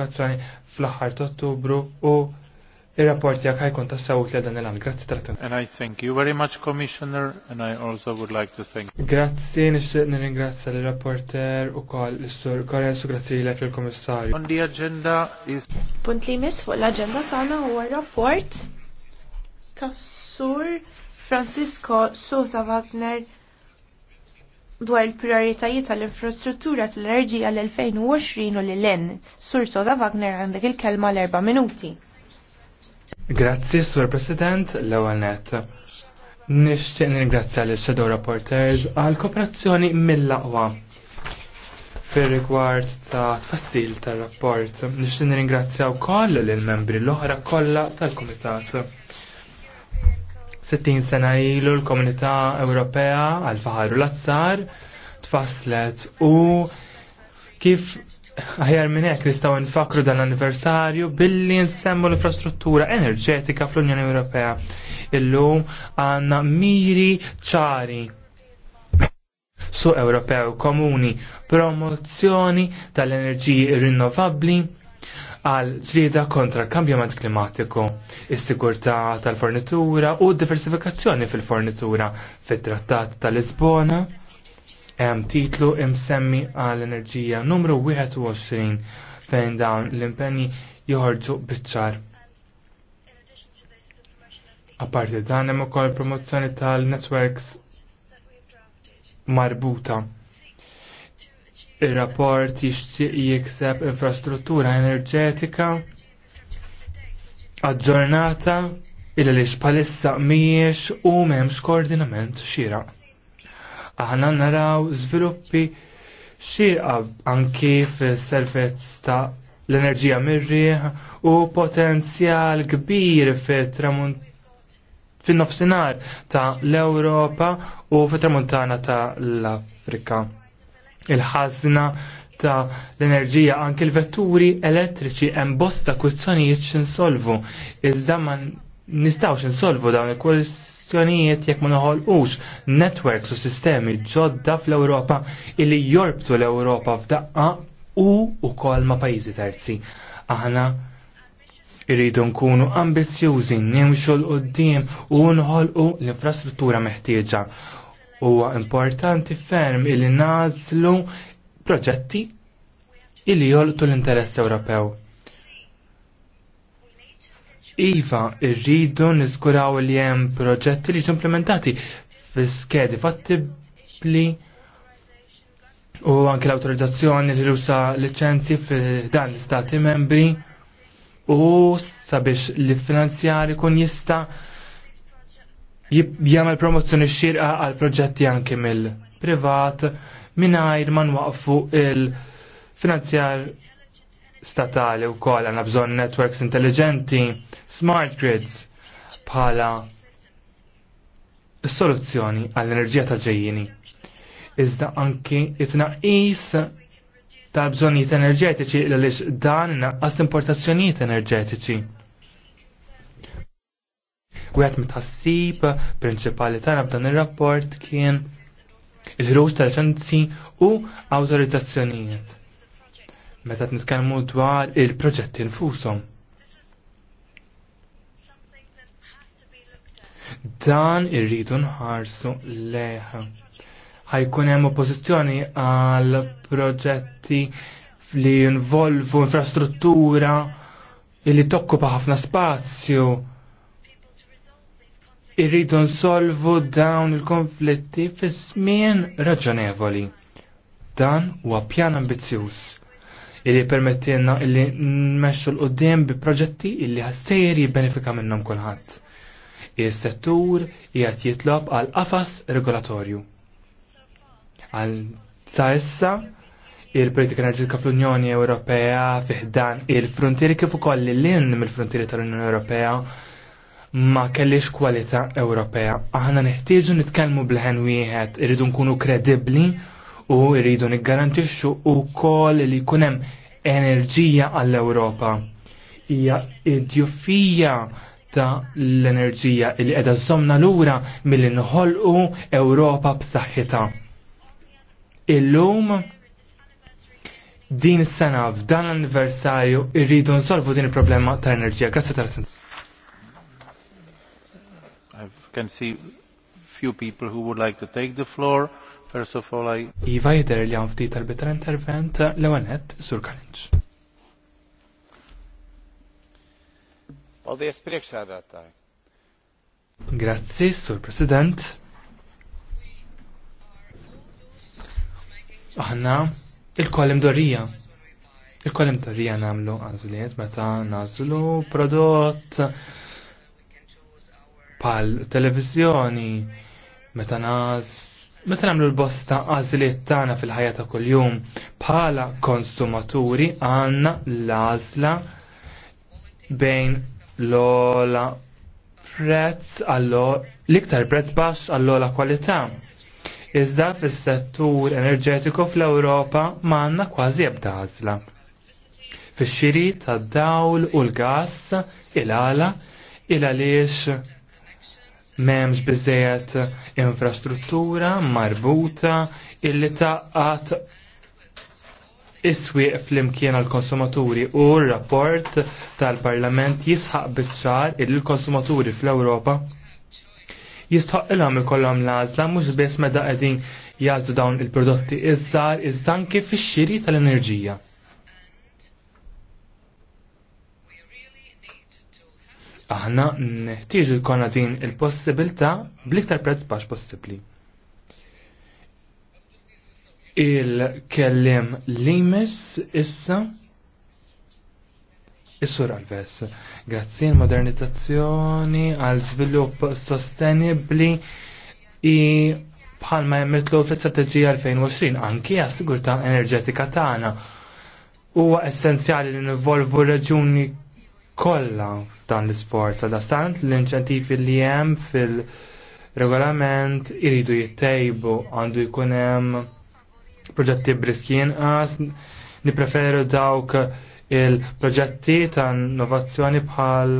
Għazzani, fl-aħħar ta' Ottubru u ir-rapport jak ħajkun ta' sawt li dan il-għan. Grazzi tal And I thank you very much, Commissioner, and I also would like to thank you. Grazzi, nixtieq nirringrazzja l rapporter u kol l-Sur Korensu, grazzi l il-Komissarju. On the agenda is... Punt li mis fuq l-agenda u għal rapport tas Sur Francisco Sosa Wagner dwar il-prioritajiet tal-infrastruttura tal-enerġija l-2020 u l-len. Sur Soda Wagner għandek il-kelma l-erba minuti. Grazzi, Sur President, l-ewel net. Nishtiq ningrazzja l-Shadow Reporters għal kooperazzjoni mill-laqwa fir rigward ta' tfassil tar rapport Nishtiq ningrazzja wkoll lill membri l-oħra kollha tal-Kumitat 60 sena ilu l-Komunità Ewropea għal faħar u l-azzar tfasslet u kif Aħjar minn hekk nistgħu nfakru dan l-anniversarju billi nsemmu l-infrastruttura enerġetika fl-Unjoni Ewropea. Illum għandna miri ċari su Ewropew komuni, promozzjoni tal-enerġiji rinnovabbli, għal ġlieda kontra l-kambjament klimatiku, is-sigurtà tal-fornitura u d-diversifikazzjoni fil-fornitura fit-Trattat tal-Lisbona hemm titlu imsemmi għal enerġija numru 21 fejn dawn l-impenni joħorġu biċ-ċar. Apparti dan hemm ukoll promozzjoni tal-networks marbuta Il-rapport jixtieq jikseb infrastruttura enerġetika aġġornata il bħalissa palissa miex u m'hemmx koordinament xira. Aħna naraw żviluppi xieraq anki fis-servizz ta' l-enerġija mirriħ u potenzjal kbir fit-tramunt fin nofsinhar ta' l-Ewropa u fit-tramuntana ta' l-Afrika il-ħazna ta' l-enerġija anke l-vetturi elettriċi hemm bosta kwistjonijiet x'insolvu. Iżda ma nistgħux insolvu dawn il-kwistjonijiet jekk ma noħolqux networks u sistemi ġodda fl-Ewropa illi jorbtu l-Ewropa f'daqqa u wkoll ma' pajjiżi terzi. Aħna irridu nkunu ambizjużi, nimxu l-qoddim u nħolqu l-infrastruttura meħtieġa Huwa importanti ferm illi nazlu proġetti illi jolqtu l-interess Ewropew. Iva, irridu niskuraw li hemm proġetti li implementati fi skedi fattibli u anke l-autorizzazzjoni li rusa licenzi fi dan l-istati membri u sabiex li finanzjari kun jista' jagħmel promozzjoni xirqa għal proġetti anke mill-privat mingħajr ma nwaqfu il-finanzjar statali u kol għanna bżon networks intelligenti, smart grids bħala soluzzjoni għall-enerġija ta' ġejjini. Iżda anki it-naqis tal-bżonijiet enerġetiċi l-għalix dan naqqas importazzjonijiet enerġetiċi. U mit mitħassib, prinċipali tara f'dan ir-rapport kien il-ħruġ tal ċenzi u awtorizzazzjonijiet. Meta t-niskalmu dwar il-proġetti nfusom. Dan irridu nħarsu leħ. Ħajkun hemm oppożizzjoni għal proġetti li jinvolvu infrastruttura li tokkupa ħafna spazju irridu nsolvu dawn il-konflitti fi żmien raġonevoli. Dan huwa pjan ambizzjuż illi permettilna illi nmexxu l qudiem bi proġetti illi ħassejjer jibbenefika minnhom kulħadd. Is-settur qiegħed jitlob għal qafas regolatorju. Għal sa issa il-politika enerġetika fl-Unjoni Ewropea fiħdan il-frontieri kif ukoll l mill-frontieri tal-Unjoni Ewropea ma kellix kwalità Ewropea. Aħna neħtieġu nitkellmu bl-ħen wieħed, irridu nkunu kredibbli u rridu niggarantixxu wkoll li jkun hemm enerġija għall-Ewropa. Hija id-djuffija ta' l-enerġija li qiegħda żomna lura milli nħolqu Ewropa b'saħħitha. Illum din is-sena f'dan l-anniversarju irridu nsolvu din il-problema ta' enerġija. Grazzi tal-attenzjoni. I can see few people who would like to take the floor. First of all, I... Iva jider li għan tal bitra intervent l-għanet sur Kalinċ. Paldies priekšsēdētāji. Grazzi, sur President. Aħna il-kollim dorija. Il-kollim dorija namlu għazliet meta nazlu prodott pal televizjoni, meta nas meta nagħmlu l-bosta għażliet tagħna fil-ħajja ta' kuljum bħala konsumaturi għandna l-għażla bejn l-ola prezz għallo l-iktar prezz baxx għall-ola kwalità. Iżda fis-settur enerġetiku fl-Ewropa m'għandna kważi ebda għażla. Fix-xiri tad-dawl u l-gass il-għala il għaliex M'hemmx biżejjed infrastruttura marbuta illi taqqat iswieq fl-imkien għal-konsumaturi u r-rapport tal-Parlament jisħaq bitċar illi l-konsumaturi fl-Ewropa jistħaq il ikollhom l-għażla mhux biss meta qegħdin jazdu dawn il-prodotti iż-żgħar iżda anke fix-xiri tal-enerġija. Aħna neħtieġu jkollna din il-possibilità bl-iktar prezz baxx possibbli. Il-kellim limes issa Is-sur Alves, grazzi l-modernizzazzjoni għal żvilupp sostenibbli i bħalma jemmetlu fl-istrateġija 2020 anki għas sigurtà enerġetika tagħna. Huwa essenzjali li nivolvu reġuni kollha f'dan l-isport għal stant l-inċentivi li hemm fil-regolament iridu jittejbu għandu jkun hemm proġetti briski inqas nipreferu dawk il-proġetti ta' innovazzjoni bħal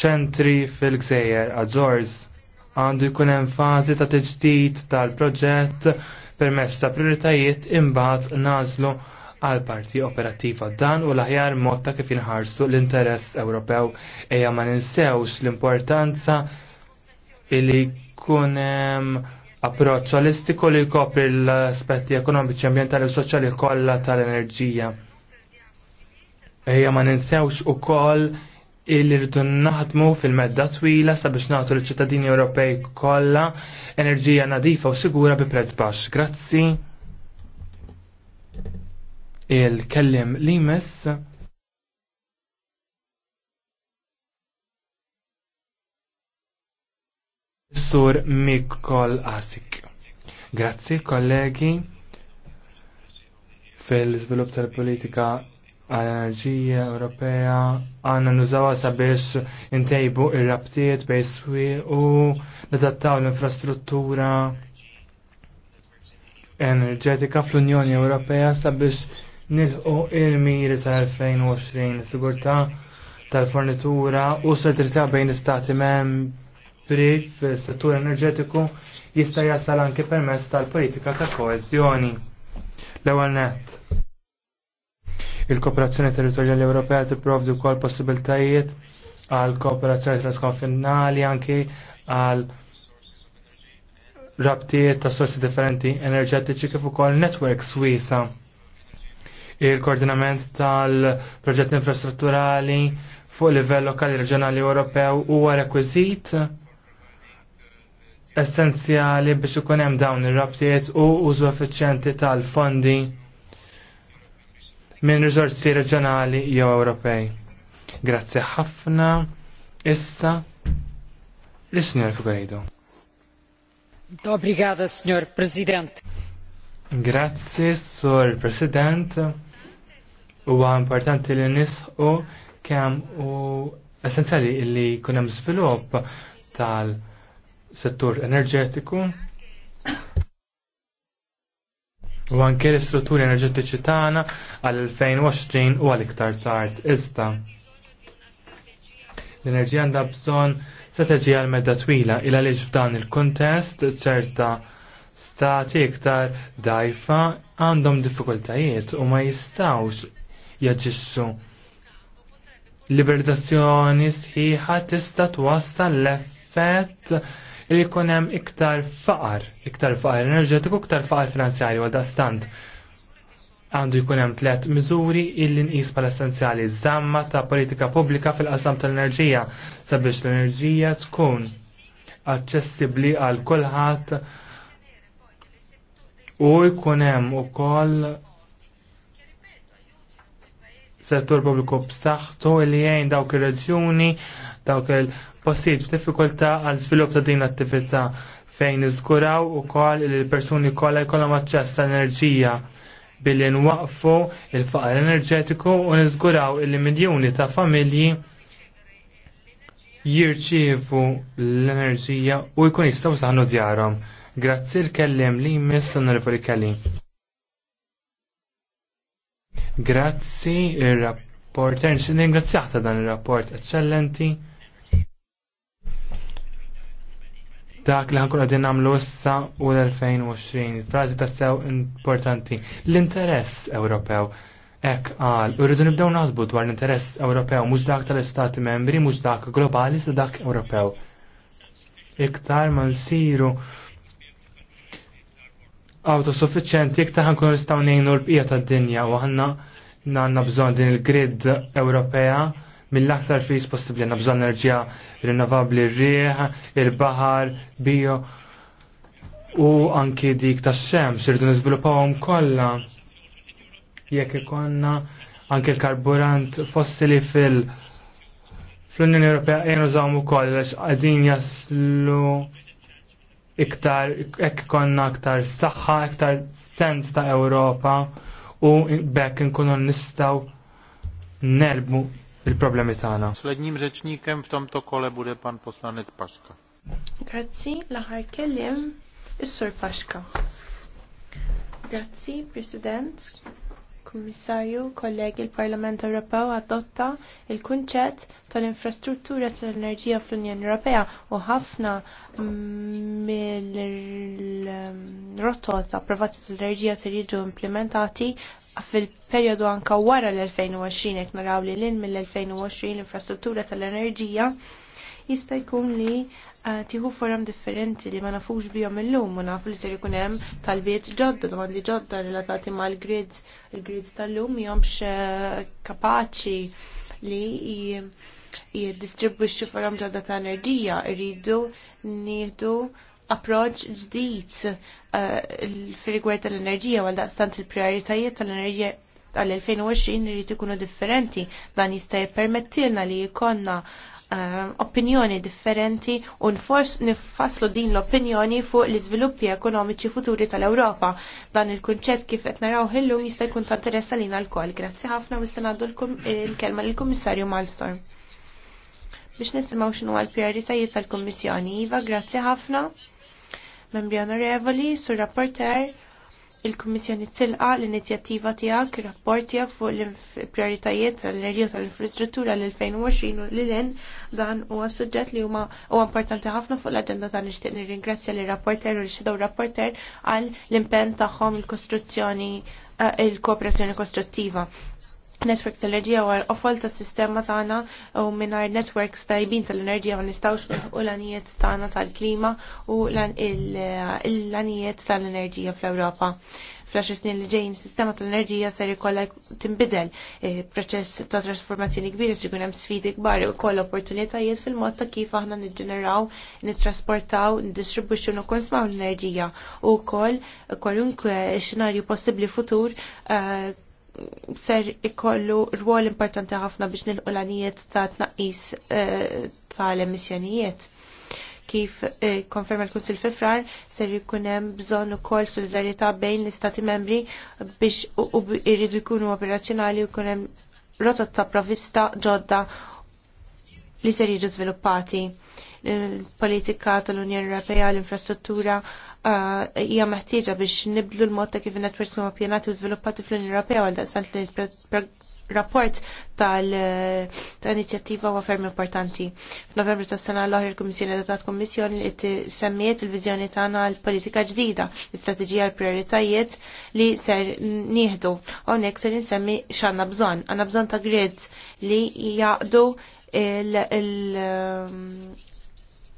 ċentri fil-gżejjer għadżorz għandu jkun hemm fażi ta' teġdid tal-proġett permezz ta' prioritajiet imbagħad nażlu għal parti operattiva dan u l-aħjar mod ta' kif inħarsu l-interess Ewropew eja ma ninsewx l-importanza illi kun approċċ holistiku li jkopri l-aspetti ekonomiċi, ambjentali u soċjali kollha tal-enerġija. Ejja ma ninsewx ukoll illi rridu naħdmu fil-medda twila sabiex nagħtu l-ċittadini Ewropej kollha enerġija nadifa u sigura bi prezz baxx. Grazzi il-kellim Limes. Sur Mikol Asik. Grazzi kollegi fil-svilup tal-politika għal-enerġija Ewropea għanna nużawa sabiex intejbu ir-rabtiet bej swi u nadattaw l-infrastruttura enerġetika fl-Unjoni Ewropea sabiex nilħu il-miri ta' 2020 sigurtà tal-fornitura u s sertirta bejn istati membri fil-settur enerġetiku jista' jasal anke permezz tal-politika ta' koeżjoni. L-ewwel nett. Il-Kooperazzjoni Territorjali Ewropea tipprovdi wkoll possibiltajiet għal kooperazzjoni transkonfinali anke għal rabtiet ta' sorsi differenti enerġetiċi kif ukoll network swisa il-koordinament tal-proġett infrastrutturali fuq livell lokali, reġjonali Ewropew huwa rekwiżit essenzjali biex ikun hemm dawn ir-rabtiet u użu effiċjenti tal-fondi minn riżorsi reġjonali jew Ewropej. Grazzi ħafna. Issa l-Sinjor Figueiredo. Dobrigada, Sinjor President. Grazzi, Sur President. Huwa importanti li nisħu kemm u essenzjali li jkun hemm żvilupp tal-settur enerġetiku u anke l-istrutturi enerġetiċi tagħna għal 2020 u għal iktar tard iżda. L-enerġija għandha bżonn strateġija għal medda twila il għaliex f'dan il-kuntest ċerta stati iktar dajfa għandhom diffikultajiet u ma jistawx jaġixxu. Libertazzjoni sħiħa tista' twassal l-effett li jkun hemm iktar faqar, iktar faqar enerġetiku, iktar faqar finanzjarju għal dastant. Għandu jkun hemm tliet miżuri illi nqis bħala essenzjali żamma ta' politika pubblika fil-qasam tal-enerġija sabiex l-enerġija tkun aċċessibbli għal kulħadd u jkun hemm ukoll settur pubbliku b'saħħtu li jgħin dawk ir-reġjuni, dawk il-postijiet f'diffikultà għal żvilupp ta' din l-attività fejn iżguraw ukoll li l-persuni kollha jkollhom aċċess ta' enerġija billi nwaqfu il-faqar enerġetiku u niżguraw illi miljuni ta' familji jirċievu l-enerġija u jkun jistgħu saħnu djarhom. Grazzi l-kellem li jmiss l-onorevoli Kelly. Grazzi il-rapporter, ningrazzjaħ ta' dan il-rapport eccellenti. Dak li ħankun għadin namlu issa u l-2020, frazi ta' sew importanti. L-interess Ewropew ek għal, u rridu nibdew naħsbu dwar l-interess Ewropew, mhux dak tal-Istati membri, mhux dak globali, sa dak Ewropew. Iktar ma nsiru autosuffiċenti jek taħan kun nistaw nejnu l-bqija ta' dinja u għanna għanna bżon din il-grid Ewropea mill-aktar fis possibli għanna bżon enerġija rinnovabli r-rieħ, il-bahar, bio u anki dik ta' xemx irridu nizvilupawhom kollha jekk ikonna anki l-karburant fossili fil- fl-Unjoni Ewropea jenżawm ukoll għax għadin jaslu iktar, ekk konna iktar saħħa, iktar sens ta' Ewropa u bekk nkunu nistaw nerbu il-problemi tagħna. Slednim reċnikem f'tom to kole bude pan poslanec Paszka. Grazzi, l kellim kelliem is-Sur Paszka. Grazzi, President. Kummissarju, kollegi, il-Parlament Ewropew adotta il-kunċett tal-infrastruttura tal-enerġija fl-Unjoni Ewropea u ħafna mill-rotot approvati tal-enerġija jiġu implementati fil-perjodu anka wara l-2020 jekk naraw li l-in mill-2020 l-infrastruttura tal-enerġija jista' jkun li tieħu forum differenti li ma nafux bihom illum u nafu li se jkun hemm talbiet ġodda, domandi ġodda relatati mal grids il-grids tal-lum jomx eh, kapaċi li jiddistribwixxu forum ġodda ta' enerġija, irridu nieħdu approċċ ġdid eh, fir rigward tal-enerġija għal daqstant il-prioritajiet tal-enerġija għal-2020 irrid jkunu differenti dan jista' jippermettilna li jkollna Eh, opinjoni differenti u nfors nifasslu din l-opinjoni fuq l-iżviluppi ekonomiċi futuri tal-Ewropa. Dan il-kunċett kif qed naraw ħillu jista' jkun ta' interess għalina l-kol. Grazzi ħafna u ngħaddu l-kelma lill-Kummissarju Malstorm. Biex nisimgħu x'inhu l-prijoritajiet tal-Kummissjoni. Iva, grazzi ħafna. Membri onorevoli, sur rapporter il-Kummissjoni tilqa l-inizjattiva tiegħek, ir-rapport tiegħek fuq l-prijoritajiet tal-enerġija tal-infrastruttura l-2020 u l-len dan huwa suġġett li huma huwa importanti ħafna fuq l-aġenda ta' nixtieq nirringrazzja lir rapporter u l xidow rapporter għal l-impenn tagħhom il-kostruzzjoni eh, il-kooperazzjoni kostruttiva network tal-enerġija u għal tas-sistema tagħna u mingħajr networks tajbin tal-enerġija ma nistawx u l-anijiet tagħna tal-klima u l-anijiet tal-enerġija fl-Ewropa. fl snin li ġejn sistema tal-enerġija ser ikolla tinbidel eh, proċess ta' trasformazzjoni kbir se jkun hemm sfidi kbar u koll opportunitajiet fil-mod ta' kif aħna niġġeneraw, nittrasportaw, niddistribwixxu u konsmaw l-enerġija u wkoll eh, kwalunkwe xenarju possibbli futur eh, ser ikollu rwol importanti ħafna biex nilqu l-għanijiet ta' tnaqqis eh, tal-emissjonijiet. Kif eh, konferma l-Kunsil fifrar, ser jikunem hemm bżonn ukoll solidarjetà bejn l-Istati membri biex irridu jkunu operazzjonali u jkun hemm rotot ta' provista ġodda li ser jiġu żviluppati. Il-politika tal-Unjoni Ewropea l-infrastruttura uh, hija meħtieġa biex nibdlu l-mod ta' kif in-networks huma pjanati u żviluppati fl-Unjoni Ewropea għal daqsant li rapport tal-inizjattiva huwa ferm importanti. F'Novembru tas-sena l-oħra il-Kummissjoni dotat Kummissjoni li semmiet il-viżjoni tagħna għal politika ġdida, l-istrateġija għal prioritajiet li ser nieħdu. Hawnhekk ser insemmi x'għandna bżonn. Għandna bżonn ta' grids li jaqdu Um,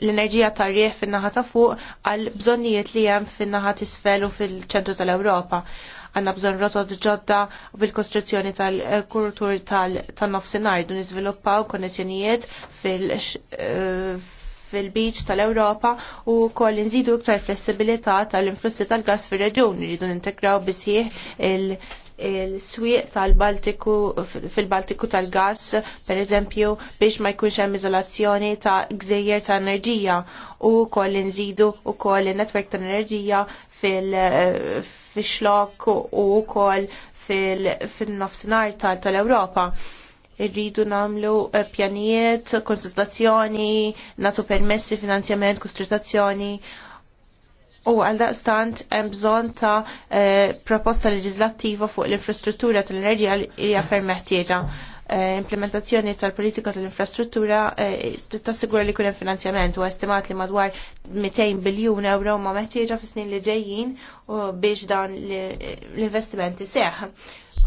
l-enerġija tar rieħ fin-naħa ta' fuq għal bżonnijiet li hemm fin-naħa t'isfel u fil-ċentru tal-Ewropa. Għanna bżonn rotod ġodda bil-kostruzzjoni tal-kultur tan-nofsinhar dun iżviluppaw konnessjonijiet uh, fil-beach tal-Ewropa u koll inżidu iktar flessibilità tal-influssi tal-gas fir-reġun jridu nintegraw bisħieħ il- il-swieq tal-Baltiku fil-Baltiku tal-gas, per eżempju, biex ma jkunx hemm iżolazzjoni ta' gżejjer ta' enerġija u koll nżidu u koll il-netwerk ta' enerġija fil-xlok u koll fil nofsinhar tal ewropa Irridu namlu eh, pjanijiet, konsultazzjoni, natu permessi, finanzjament, konsultazzjoni u għaldaqstant hemm bżonn ta' eh, proposta leġislattiva fuq l-infrastruttura tal-enerġija li ferm meħtieġa. Eh, implementazzjoni tal-politika tal-infrastruttura eh, tassigura li kunem finanzjament u estimat li madwar 200 biljun euro ma meħtieġa fis snin li ġejjin biex dan l-investimenti seħ.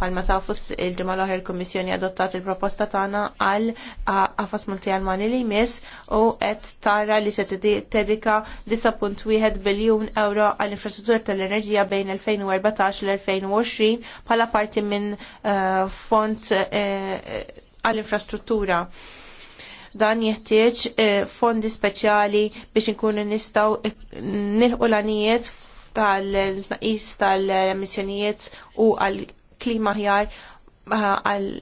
Palma ta' fus il ġemal l il-Komissjoni adottat il-proposta tagħna għal għafas multijalmani li jmiss u qed tara li se tedika 10.1 biljun euro għall infrastruttura tal-enerġija bejn 2014 l-2020 bħala parti minn eh, fond eh, għall-infrastruttura dan jeħtieġ eh, fondi speċjali biex inkunu nistgħu nilħu l tal-tnaqis tal-emissjonijiet u uh, għal klima ħjar għal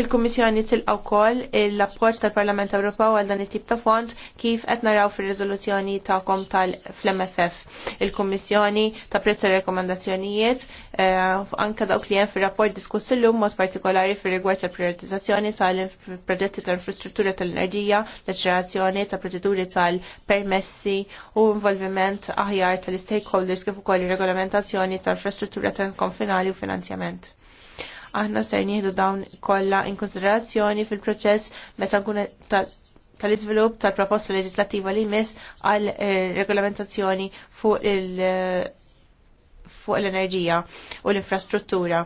Il-Kummissjoni tilqa' wkoll l-appoġġ tal-Parlament Ewropew għal dan it-tip ta' fond kif qed naraw fir-riżoluzzjoni tagħkom tal-MFF. Il-Kummissjoni tapprezza rekomendazzjonijiet eh, anke dawk li hemm fir-rapport diskuss illum mod partikolari fir-rigward tal-prioritizzazzjoni tal-proġetti tal infrastruttura tal-enerġija, l-eċerazzjoni ta' proċeduri tal-permessi u involviment aħjar tal-stakeholders kif ukoll ir-regolamentazzjoni tal-infrastruttura konfinali u finanzjament aħna ser nieħdu dawn kollha in konsiderazzjoni fil-proċess meta nkun tal-iżvilupp tal-proposta leġislattiva li jmiss għal eh, regolamentazzjoni fuq il- eh, fuq l-enerġija u l-infrastruttura.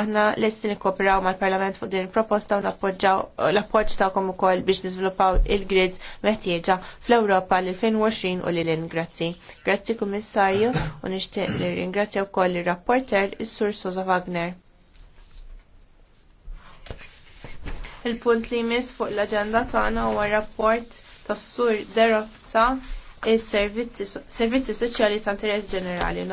Aħna lesti nikkooperaw mal-Parlament fuq din il-proposta u l-appoġġ tagħkom ukoll biex niżviluppaw il-grids meħtieġa fl-Ewropa l-2020 u l ingrazzi. Grazzi Kummissarju u nixtieq li ringrazzja wkoll ir-rapporter is-Sur Soza Wagner. Il-punt li jmiss fuq l-aġenda tagħna huwa rapport tas-sur Derozza is-servizzi soċjali ta' interess ġenerali.